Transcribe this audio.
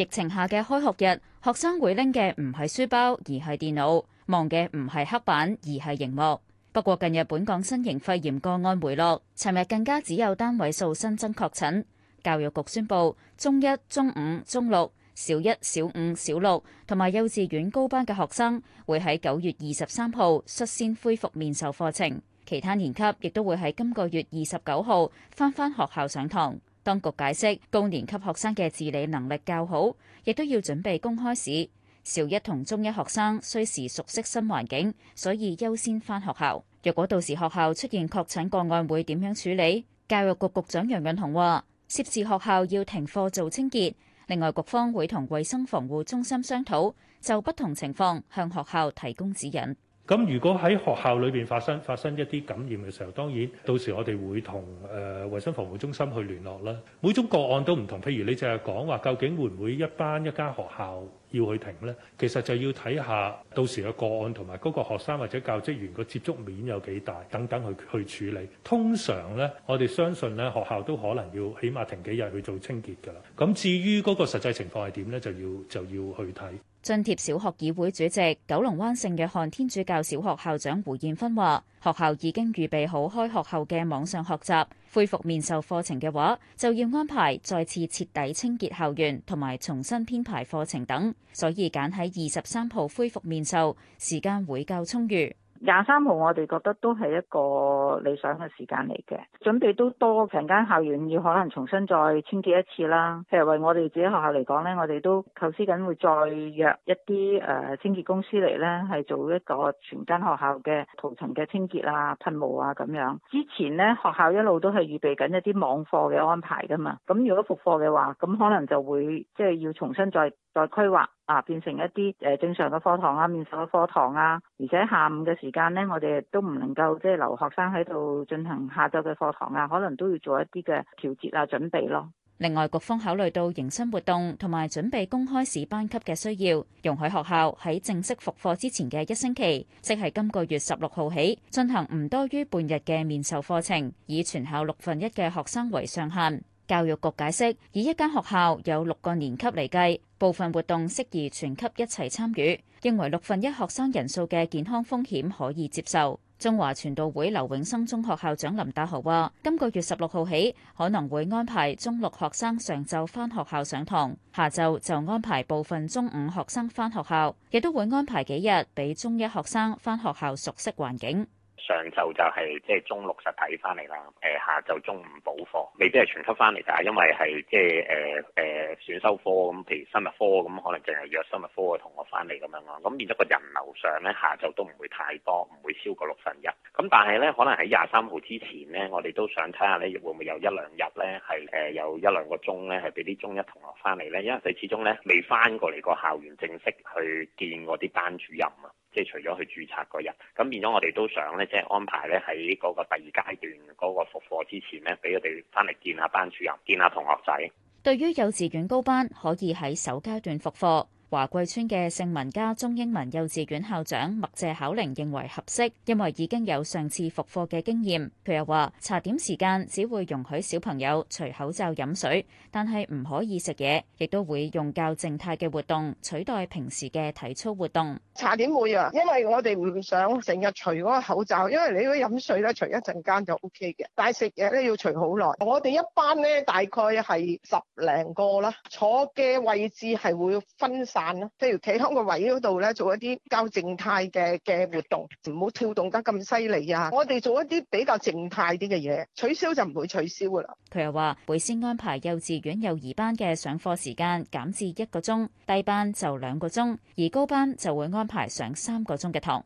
疫情下嘅開學日，學生會拎嘅唔係書包，而係電腦；望嘅唔係黑板，而係熒幕。不過近日本港新型肺炎個案回落，尋日更加只有單位數新增確診。教育局宣布，中一、中五、中六、小一、小五、小六同埋幼稚園高班嘅學生會喺九月二十三號率先恢復面授課程，其他年級亦都會喺今個月二十九號翻返學校上堂。當局解釋，高年級學生嘅自理能力較好，亦都要準備公開試。小一同中一學生需時熟悉新環境，所以優先翻學校。若果到時學校出現確診個案，會點樣處理？教育局局長楊潤雄話，涉事學校要停課做清潔，另外，局方會同衛生防護中心商討就不同情況向學校提供指引。咁如果喺學校裏邊發生發生一啲感染嘅時候，當然到時我哋會同誒衞生防護中心去聯絡啦。每種個案都唔同，譬如你淨係講話，究竟會唔會一班一間學校要去停呢？其實就要睇下到時嘅個案同埋嗰個學生或者教職員嘅接觸面有幾大，等等去去處理。通常呢，我哋相信呢，學校都可能要起碼停幾日去做清潔㗎啦。咁至於嗰個實際情況係點呢，就要就要去睇。津貼小學議會主席九龍灣聖若翰天主教小學校長胡艷芬話：學校已經預備好開學後嘅網上學習，恢復面授課程嘅話，就要安排再次徹底清潔校園同埋重新編排課程等，所以揀喺二十三號恢復面授，時間會較充裕。廿三號我哋覺得都係一個理想嘅時間嚟嘅，準備都多，成間校園要可能重新再清潔一次啦。譬如為我哋自己學校嚟講呢，我哋都構思緊會再約一啲誒、呃、清潔公司嚟呢，係做一個全間學校嘅塗層嘅清潔啊、噴霧啊咁樣。之前呢，學校一路都係預備緊一啲網課嘅安排㗎嘛，咁如果復課嘅話，咁可能就會即係、就是、要重新再再規劃。啊！變成一啲誒正常嘅課堂啊，面授嘅課堂啊，而且下午嘅時間呢，我哋都唔能夠即係留學生喺度進行下晝嘅課堂啊，可能都要做一啲嘅調節啊，準備咯。另外，局方考慮到迎新活動同埋準備公開試班級嘅需要，容許學校喺正式復課之前嘅一星期，即係今個月十六號起進行唔多於半日嘅面授課程，以全校六分一嘅學生為上限。教育局解釋，以一間學校有六個年級嚟計。部分活動適宜全級一齊參與，認為六分一學生人數嘅健康風險可以接受。中華傳道會劉永生中學校長林大豪話，今個月十六號起可能會安排中六學生上晝翻學校上堂，下晝就安排部分中五學生翻學校，亦都會安排幾日俾中一學生翻學校熟悉環境。上晝就係即係中六實體翻嚟啦，誒下晝中五補課，未必係全級翻嚟，但因為係即係誒誒。呃呃選修科咁，譬如生物科咁，可能淨係約生物科嘅同學翻嚟咁樣咯。咁變咗個人流上咧，下晝都唔會太多，唔會超過六分一。咁但係咧，可能喺廿三號之前咧，我哋都想睇下咧，會唔會有一兩日咧係誒有一兩個鐘咧，係俾啲中一同學翻嚟咧，因為佢始終咧未翻過嚟個校園正式去見嗰啲班主任啊，即係除咗去註冊嗰日。咁變咗我哋都想咧，即係安排咧喺嗰個第二階段嗰個復課之前咧，俾佢哋翻嚟見下班主任，見下同學仔。對於幼稚園高班，可以喺首階段復課。華貴村嘅聖文家中英文幼稚園校長麥謝巧玲認為合適，因為已經有上次復課嘅經驗。佢又話，茶點時間只會容許小朋友除口罩飲水，但係唔可以食嘢，亦都會用較靜態嘅活動取代平時嘅體操活動。茶點會啊，因為我哋唔想成日除嗰個口罩，因為你如果飲水咧除一陣間就 OK 嘅，但係食嘢咧要除好耐。我哋一班咧大概係十零個啦，坐嘅位置係會分散。譬如企喺個位嗰度咧，做一啲較靜態嘅嘅活動，唔好跳動得咁犀利啊！我哋做一啲比較靜態啲嘅嘢，取消就唔會取消㗎喇。佢又話會先安排幼稚園、幼兒班嘅上課時間減至一個鐘，低班就兩個鐘，而高班就會安排上三個鐘嘅堂。